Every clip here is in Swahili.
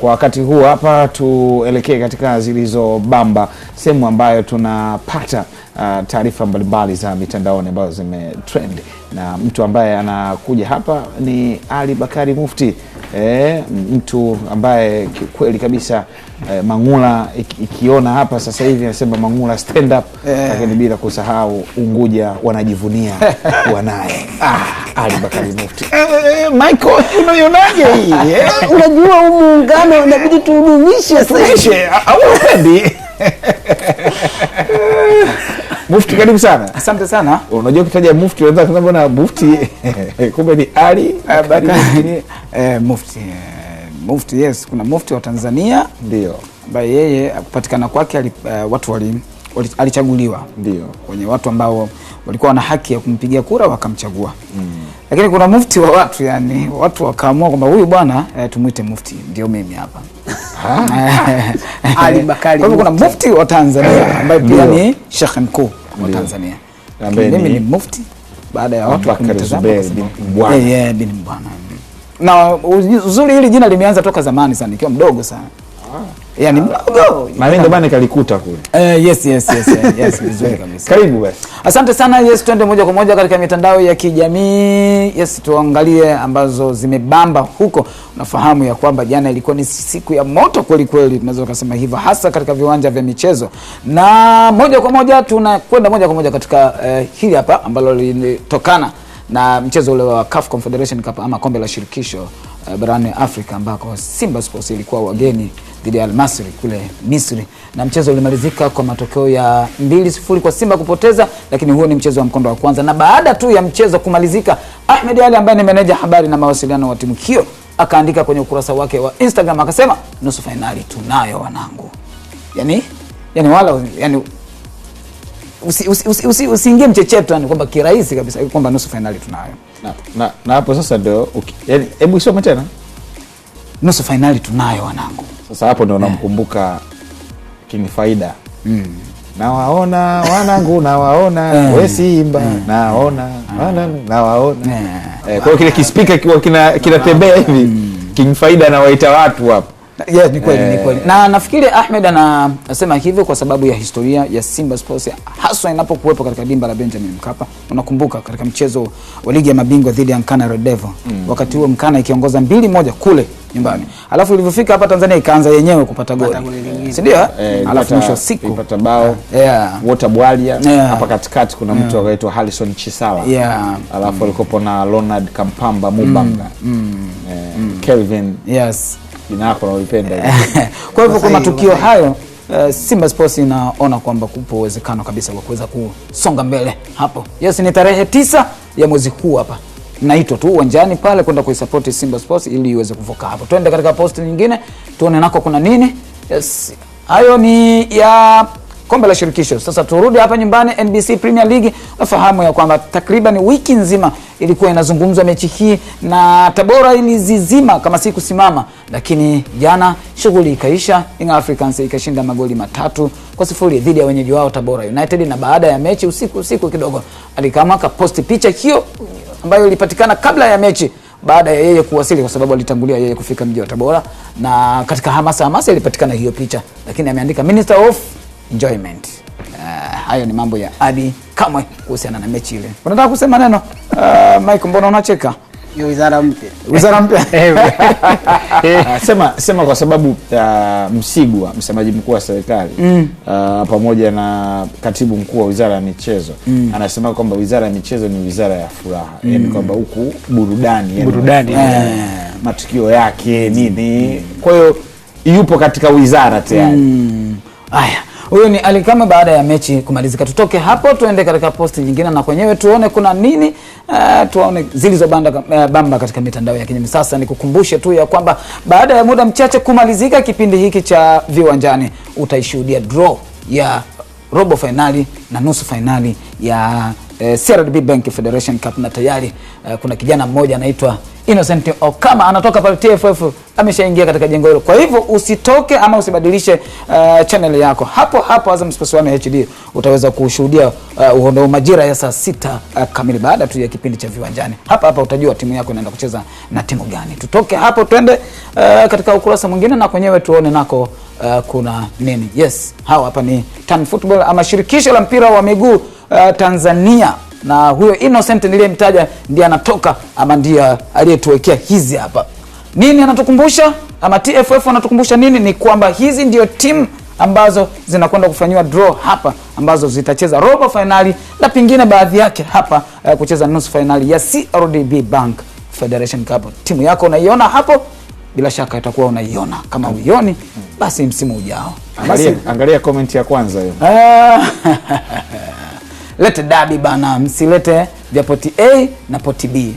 Kwa wakati huu hapa, tuelekee katika Zilizobamba, sehemu ambayo tunapata uh, taarifa mbalimbali za mitandaoni ambazo zimetrend, na mtu ambaye anakuja hapa ni Ali Bakari Mufti. E, mtu ambaye kweli kabisa e, Mang'ula ikiona hapa sasa hivi anasema Mang'ula stand up, lakini e, bila kusahau Unguja wanajivunia wanaye ah. Ali Bakari Mufti. Eh, eh, eh, Michael, unaionaje hii? Unajua huu muungano inabidi tuhudumishe sasa. Au upendi? Mufti, karibu sana. Asante sana. Unajua kutaja mufti unaweza kusema mbona mufti? Kumbe ni Ali Bakari Mufti. Mufti, yes, kuna mufti wa Tanzania ndio ambaye yeye kupatikana kwake watu wali alichaguliwa ndio kwenye watu ambao walikuwa wana haki ya kumpigia kura wakamchagua mm. Lakini kuna mufti wa watu yani, watu wakaamua kwamba huyu bwana eh, tumwite mufti, ndio mimi hapa Ali Bakari. Kwa hivyo kuna mufti wa Tanzania ambaye pia ni Sheikh mkuu wa Tanzania, mimi ni mufti baada ya watu kunitazama eh, eh, bin bwana. Na uzuri hili jina limeanza toka zamani sana, nikiwa mdogo sana ah yani mdogo. Malengo bana nikalikuta kule. Eh, yes yes yes eh, yes, vizuri kabisa. Karibu basi. Asante sana. Yes, twende moja kwa moja katika mitandao ya kijamii. Yes, tuangalie ambazo zimebamba huko. Unafahamu ya kwamba jana ilikuwa ni siku ya moto kweli kweli, tunaweza kusema hivyo, hasa katika viwanja vya michezo. Na moja kwa moja tunakwenda moja kwa moja katika eh, hili hapa ambalo lilitokana na mchezo ule wa CAF Confederation Cup ama kombe la shirikisho Eh, barani Afrika ambako Simba Sports ilikuwa wageni dhidi ya Almasri kule Misri na mchezo ulimalizika kwa matokeo ya mbili sifuri kwa Simba kupoteza, lakini huo ni mchezo wa mkondo wa kwanza. Na baada tu ya mchezo kumalizika, Ahmed Ali ambaye ni meneja habari na mawasiliano wa timu hiyo akaandika kwenye ukurasa wake wa Instagram akasema, nusu fainali tunayo wanangu. Yani, yani wala yani usiingie usi, usi, usi, mchecheto, yani kwamba kirahisi kabisa kwamba nusu fainali tunayo na, na, hapo sasa ndio hebu isome tena, nusu fainali tunayo wanangu. Sasa hapo ndio eh. namkumbuka yeah. Kini Faida mm. Nawaona wanangu nawaona yeah. We Simba yeah. Nawaona mm. Wanangu nawaona yeah. Eh, kwa kile kispika kinatembea kina hivi mm. King Faida anawaita watu hapo Yes, ni kweli, ni eh. kweli. Na nafikiri Ahmed anasema hivyo kwa sababu ya historia ya Simba Sports haswa inapokuwepo katika dimba la Benjamin Mkapa. Unakumbuka katika mchezo wa ligi ya mabingwa dhidi ya Mkana Red Devil. Mm. Wakati huo Mkana ikiongoza mbili moja kule nyumbani. Alafu ilivyofika hapa Tanzania ikaanza yenyewe kupata goli. Si ndio? Eh? Eh, Alafu mwisho siku ipata bao. Yeah. Wota Bwalia yeah. hapa katikati kuna mtu yeah. anaitwa Harrison Chisala. Yeah. Alafu mm. alikopo na Leonard Kampamba mm. Mubanga. Mm. Mm. mm. Eh, Kelvin. Yes jina lako naulipenda. Kwa hivyo kwa matukio hayo Uh, Simba Sports inaona kwamba kupo uwezekano kabisa wa kuweza kusonga mbele hapo. Yes, ni tarehe tisa ya mwezi huu hapa naitwa tu uwanjani pale kwenda kuisapoti Simba Sports ili iweze kuvuka hapo. Twende katika posti nyingine tuone nako kuna nini. Yes, hayo ni ya kombe la shirikisho. Sasa turudi hapa nyumbani NBC Premier League, nafahamu ya kwamba takriban wiki nzima ilikuwa inazungumzwa mechi hii na Tabora ilizizima kama si kusimama, lakini jana shughuli ikaisha. Young Africans ikashinda magoli matatu kwa sifuri dhidi ya wenyeji wao Tabora United, na baada ya mechi usiku usiku kidogo alikama akaposti picha hiyo ambayo ilipatikana kabla ya mechi baada ya yeye kuwasili kwa sababu alitangulia yeye kufika mji wa Tabora, na katika hamasa hamasa ilipatikana hiyo picha, lakini ameandika Minister of enjoyment. Uh, hayo ni mambo ya Adi Kamwe kuhusiana na mechi ile. Unataka kusema neno uh, Mike, mbona unacheka? Ni wizara mpya, wizara mpya eh, sema sema, kwa sababu uh, Msigwa msemaji mkuu wa serikali mm. uh, pamoja na katibu mkuu wa wizara ya michezo mm. anasema kwamba wizara ya michezo ni wizara ya furaha mm. yani kwamba huku burudani, yaani burudani yani, matukio yake nini mm. kwa hiyo yupo katika wizara tayari mm. aya huyo ni Alikama baada ya mechi kumalizika. Tutoke hapo tuende katika posti nyingine na kwenyewe tuone kuna nini uh, tuone zilizobanda uh, eh, bamba katika mitandao ya kijamii. Sasa nikukumbushe tu ya kwamba baada ya muda mchache kumalizika kipindi hiki cha Viwanjani, utaishuhudia draw ya robo fainali na nusu fainali ya eh, CRDB Bank Federation Cup na tayari eh, kuna kijana mmoja anaitwa Innocent Okama anatoka pale TFF ameshaingia katika jengo hilo. Kwa hivyo usitoke ama usibadilishe uh, channel yako hapo hapo Azam Sports One HD utaweza kushuhudia eh, uhondo uh, majira ya saa sita uh, kamili baada tu ya kipindi cha viwanjani. Hapa hapa utajua timu yako inaenda kucheza na timu gani. Tutoke hapo twende uh, katika ukurasa mwingine na kwenyewe tuone nako uh, kuna nini. Yes, hawa hapa ni Tan Football ama shirikisho la mpira wa miguu uh, Tanzania na huyo Innocent niliyemtaja ndiye anatoka ama ndiye aliyetuwekea hizi hapa. Nini anatukumbusha ama TFF anatukumbusha nini? Ni kwamba hizi ndio timu ambazo zinakwenda kufanyiwa draw hapa ambazo zitacheza robo fainali na pingine baadhi yake hapa uh, kucheza nusu fainali ya CRDB Bank Federation Cup. Timu yako unaiona hapo, bila shaka itakuwa unaiona. Kama uioni, basi msimu ujao angalia, angalia komenti ya kwanza hiyo lete dabi bana, msilete vya poti A na poti B.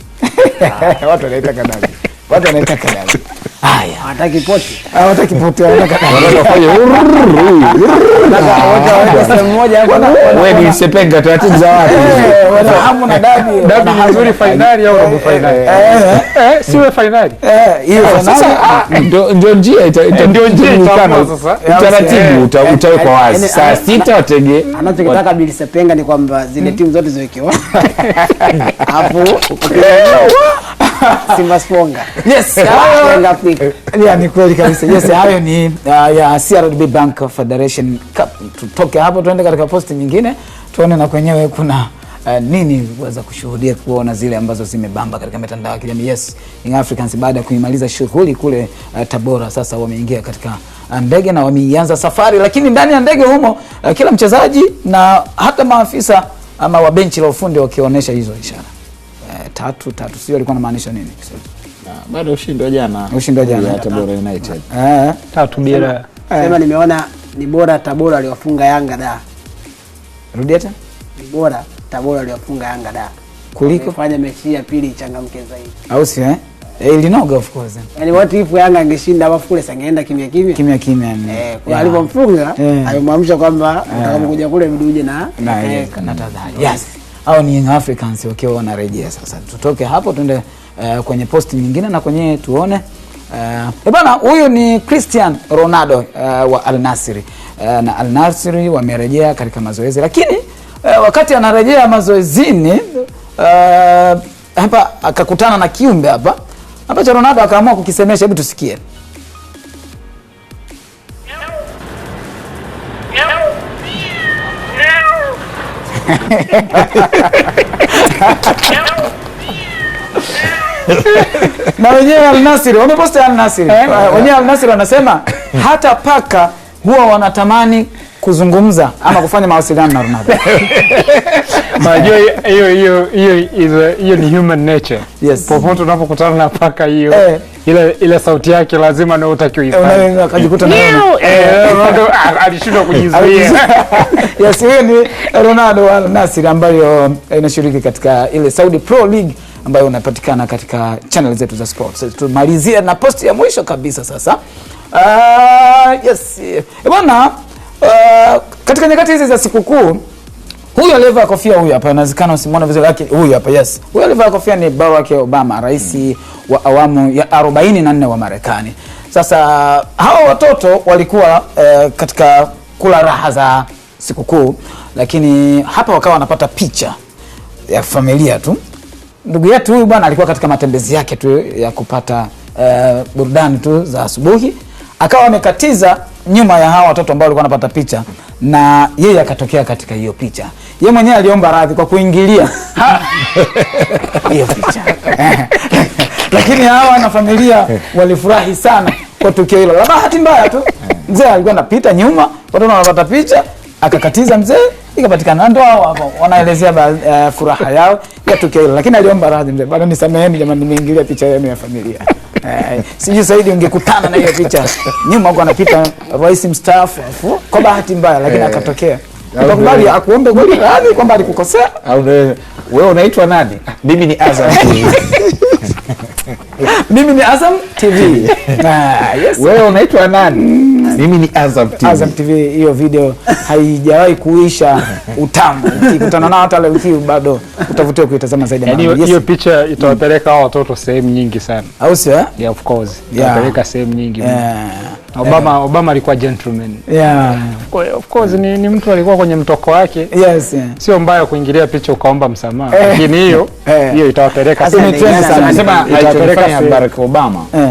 Ah. Watu wanaitaka dabi, watu wanaitaka dabi. Haya, hataki pote, hataki ni sepenga taratibu za watu, eh, wana hamu na dabi, wazi saa sita, watege. Anachotaka Billy ni kwamba zile hmm. timu zote ziwekewa eh, Simba Sponga. Yes, hayo ni kweli kabisa. Yes, hayo ni uh, ya CRDB Bank Federation Cup. Tutoke hapo tuende katika posti nyingine tuone na kwenyewe kuna Uh, nini waweza kushuhudia kuona zile ambazo zimebamba katika mitandao ya kijamii. Yes, Young Africans baada ya kuimaliza shughuli kule uh, Tabora, sasa wameingia katika uh, ndege na wameianza safari, lakini ndani ya ndege humo uh, kila mchezaji na hata maafisa ama wabenchi la ufundi wakionyesha hizo ishara tatu tatu, sio alikuwa anamaanisha nini? Baada ya ushindi wa jana, ushindi wa jana Tabora United eh, tatu bila eh. sema, nimeona ni bora Tabora aliwafunga Yanga da. Rudia tena, ni bora Tabora aliwafunga Yanga da kuliko fanya mechi ya pili changamke zaidi, au sio eh? eh ilinoga of course. Eh. yani what if Yanga angeshinda alafu fule sangeenda kimya kimya. Kimya kimya. Eh, kwa alipomfunga alimwamsha kwamba atakapokuja kule viduje na na tadhari. Yes au ni Young Africans wakiwa wanarejea. Sasa tutoke hapo tuende uh, kwenye posti nyingine na kwenye tuone uh, bana, huyu ni Cristiano Ronaldo uh, wa Al Nassr uh, na Al Nassr wamerejea katika mazoezi, lakini uh, wakati anarejea mazoezini uh, hapa akakutana na kiumbe hapa ambacho Ronaldo akaamua kukisemesha. Hebu tusikie. na wenyewe Alnasiri wameposta Alnasiri, eh? wenyewe Alnasiri wanasema hata paka huwa wanatamani kuzungumza ama kufanya mawasiliano na Ronaldo. Unajua hiyo hiyo hiyo hiyo ni human nature. Yes. Popote unapokutana na paka hiyo eh, ile ile sauti yake lazima ndio utakiwa ifanye. unaweza Eh, Akajikuta na eh, Ronaldo ah, alishindwa kujizuia. Yes, hiyo ni Ronaldo wa Nasir ambayo eh, inashiriki katika ile Saudi Pro League ambayo unapatikana katika channel zetu za sports. So, eh, Tumalizia na posti ya mwisho kabisa sasa. Uh, yes. Bwana Uh, katika nyakati hizi za sikukuu huyu aliyevaa kofia huyu hapa, inawezekana usimwone vizuri, lakini huyu hapa yes, huyu aliyevaa kofia ni Barack Obama, rais mm. wa awamu ya 44 wa Marekani. Sasa hawa watoto walikuwa eh, katika kula raha za sikukuu, lakini hapa wakawa wanapata picha ya familia tu. Ndugu yetu huyu bwana alikuwa katika matembezi yake tu ya kupata eh, burudani tu za asubuhi, akawa amekatiza nyuma ya hawa watoto ambao walikuwa wanapata picha na yeye akatokea katika hiyo picha. Ye mwenyewe aliomba radhi kwa kuingilia hiyo picha lakini hawa na familia walifurahi sana kwa tukio hilo la bahati mbaya tu. Mzee alikuwa anapita nyuma, watoto wanapata picha, akakatiza mzee, ikapatikana. Ndio hao hapo wanaelezea uh, furaha yao ya tukio hilo, lakini aliomba radhi mzee, bado nisameheni jamani, nimeingilia picha yenu ya familia. Eh, sijui Saidi ungekutana na hiyo picha nyuma, anapita rais mstaafu, kwa bahati mbaya lakini eh. akatokea utakubali akuombe kweli radhi kwamba alikukosea? Wewe unaitwa nani? Ah, mimi ni Azam TV. Mimi ni Azam TV. Ah, yes. Wewe unaitwa nani? Mm. Mimi ni Azam TV. Azam TV hiyo video haijawahi kuisha utamu. Ukikutana nao hata leo hii bado utavutiwa kuitazama zaidi. Yaani hiyo yes. Picha itawapeleka hao watoto sehemu nyingi sana. Au sio? Eh? Yeah, of course. Itawapeleka yeah. sehemu nyingi. Yeah. Obama yeah. Obama alikuwa gentleman. Yeah. Yeah. Of course yeah. ni, ni mtu alikuwa kwenye mtoko wake. Yes, yeah. Sio mbaya kuingilia picha ukaomba msamaha. Eh. Lakini hiyo eh, hiyo itawapeleka sana. Anasema itawapeleka Barack Obama. Eh.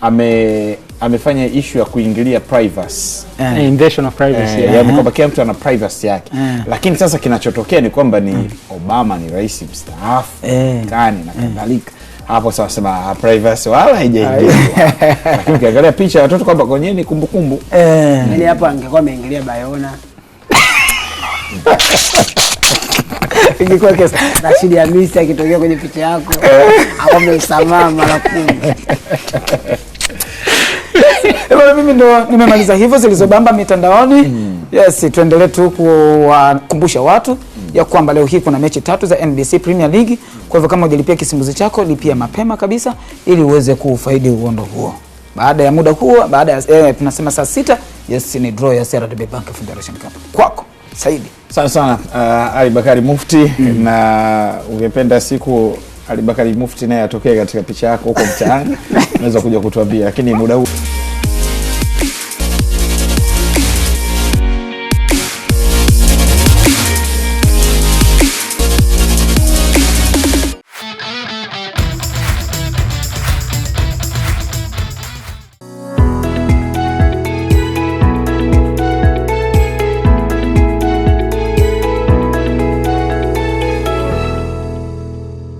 Ame amefanya issue ya kuingilia privacy. Eh. eh invasion of privacy. Eh, yaani kwamba kila mtu ana privacy yake. Eh. Lakini sasa kinachotokea ni kwamba ni mm. Obama ni rais mstaafu. Eh. Kani na eh. kadhalika. Eh hapo sasa ah, privacy wala haijaingia, lakini ukiangalia picha ya watoto kwamba kwenye ni kumbukumbu eh. ile yaani hapo, angekuwa ameingilia Bayona ingekuwa kesa Rashidi Hamisi akitokea kwenye picha yako hapo, ameisamaa mara kumi. Eh, mimi ndo nimemaliza hivyo zilizobamba mitandaoni. Mm. Yes, tuendelee tu kuwakumbusha watu ya kwamba leo hii kuna mechi tatu za NBC Premier League. Kwa hivyo kama hujalipia kisimbuzi chako, lipia mapema kabisa ili uweze kuufaidi uondo huo. Baada ya muda huo, baada ya eh, tunasema saa sita, yes ni draw ya CRDB Bank Federation Cup kwako Saidi. Sana sana uh, Ali Bakari Mufti mm. na ungependa siku Ali Bakari Mufti naye atokee katika picha yako huko mtaani, unaweza kuja kutuambia, lakini muda huu